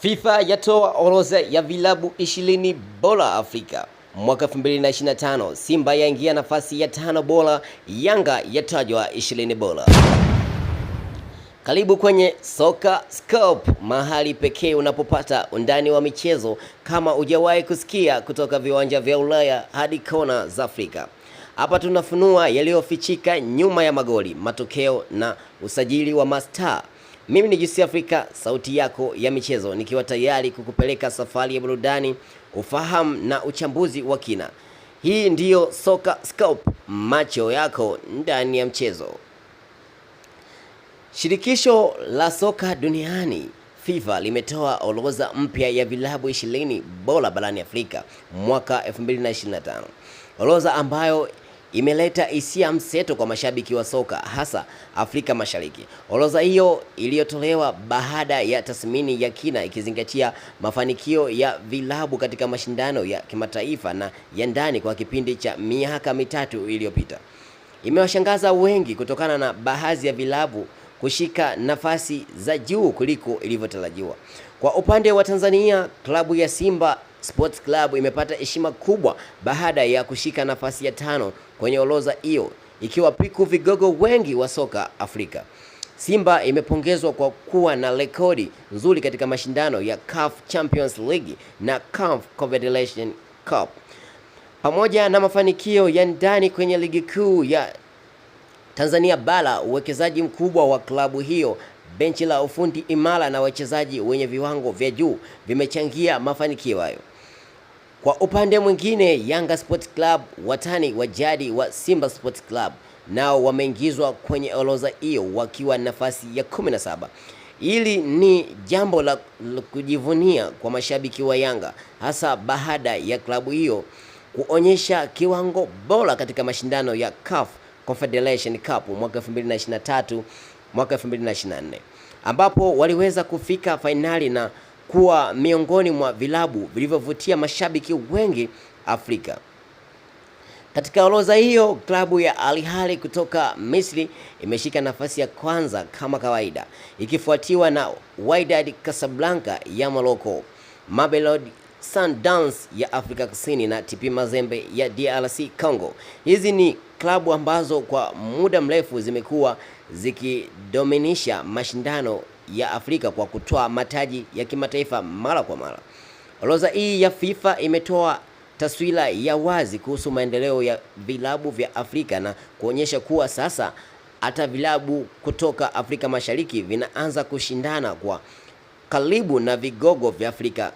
FIFA yatoa orodha ya vilabu ishirini bora Afrika mwaka 2025. Simba yaingia nafasi ya tano bora, Yanga yatajwa ishirini bora. Karibu kwenye Soka Scope, mahali pekee unapopata undani wa michezo kama hujawahi kusikia, kutoka viwanja vya Ulaya hadi kona za Afrika. Hapa tunafunua yaliyofichika nyuma ya magoli, matokeo na usajili wa mastaa. Mimi ni Jusi Afrika, sauti yako ya michezo, nikiwa tayari kukupeleka safari ya burudani, ufahamu na uchambuzi wa kina. Hii ndiyo Soka Scope, macho yako ndani ya mchezo. Shirikisho la soka duniani FIFA limetoa orodha mpya ya vilabu ishirini bora barani Afrika mwaka 2025. Orodha ambayo imeleta hisia mseto kwa mashabiki wa soka hasa Afrika Mashariki. Orodha hiyo iliyotolewa baada ya tathmini ya kina ikizingatia mafanikio ya vilabu katika mashindano ya kimataifa na ya ndani kwa kipindi cha miaka mitatu iliyopita. Imewashangaza wengi kutokana na baadhi ya vilabu kushika nafasi za juu kuliko ilivyotarajiwa. Kwa upande wa Tanzania, klabu ya Simba Sports Club imepata heshima kubwa baada ya kushika nafasi ya tano kwenye orodha hiyo ikiwapiku vigogo wengi wa soka Afrika. Simba imepongezwa kwa kuwa na rekodi nzuri katika mashindano ya CAF Champions League na CAF Confederation Cup pamoja na mafanikio ya ndani kwenye ligi kuu ya Tanzania Bara. Uwekezaji mkubwa wa klabu hiyo, benchi la ufundi imara na wachezaji wenye viwango vya juu vimechangia mafanikio hayo. Kwa upande mwingine, Yanga Sports Club, watani wa jadi wa Simba Sports Club, nao wameingizwa kwenye orodha hiyo wakiwa nafasi ya 17. Hili ni jambo la kujivunia kwa mashabiki wa Yanga, hasa baada ya klabu hiyo kuonyesha kiwango bora katika mashindano ya CAF Confederation Cup mwaka 2023 mwaka 2024 ambapo waliweza kufika fainali na kuwa miongoni mwa vilabu vilivyovutia mashabiki wengi Afrika. Katika orodha hiyo, klabu ya Al Ahly kutoka Misri imeshika nafasi ya kwanza kama kawaida, ikifuatiwa na Wydad Casablanca ya Morocco, Mamelodi Sundowns ya Afrika Kusini na TP Mazembe ya DRC Congo. Hizi ni klabu ambazo kwa muda mrefu zimekuwa zikidominisha mashindano ya Afrika kwa kutoa mataji ya kimataifa mara kwa mara. Orodha hii ya FIFA imetoa taswira ya wazi kuhusu maendeleo ya vilabu vya Afrika na kuonyesha kuwa sasa hata vilabu kutoka Afrika Mashariki vinaanza kushindana kwa karibu na vigogo vya Afrika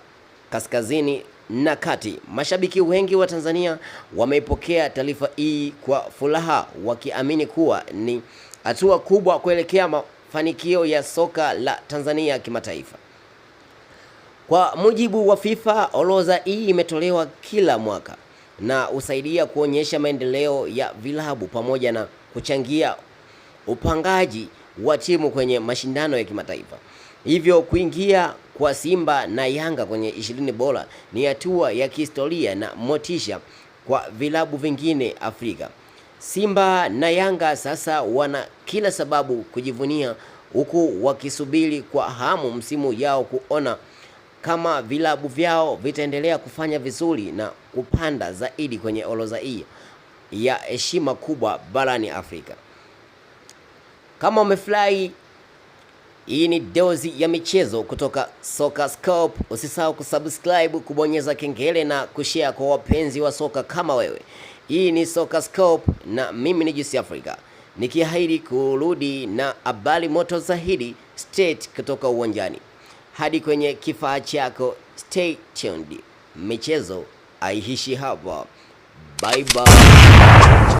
Kaskazini na Kati. Mashabiki wengi wa Tanzania wameipokea taarifa hii kwa furaha wakiamini kuwa ni hatua kubwa kuelekea mafanikio ya soka la Tanzania kimataifa. Kwa mujibu wa FIFA, orodha hii imetolewa kila mwaka na husaidia kuonyesha maendeleo ya vilabu pamoja na kuchangia upangaji wa timu kwenye mashindano ya kimataifa. Hivyo kuingia kwa Simba na Yanga kwenye ishirini bora ni hatua ya kihistoria na motisha kwa vilabu vingine Afrika. Simba na Yanga sasa wana kila sababu kujivunia, huku wakisubiri kwa hamu msimu yao kuona kama vilabu vyao vitaendelea kufanya vizuri na kupanda zaidi kwenye orodha hii ya heshima kubwa barani Afrika. Kama umefurahi, hii ni dozi ya michezo kutoka Soka Scope. Usisahau kusubscribe, kubonyeza kengele na kushare kwa wapenzi wa soka kama wewe. Hii ni Soka Scope na mimi ni Juice Africa, nikiahidi kurudi na habari moto zaidi state kutoka uwanjani hadi kwenye kifaa chako. Stay tuned, michezo haiishi hapa. Bye bye.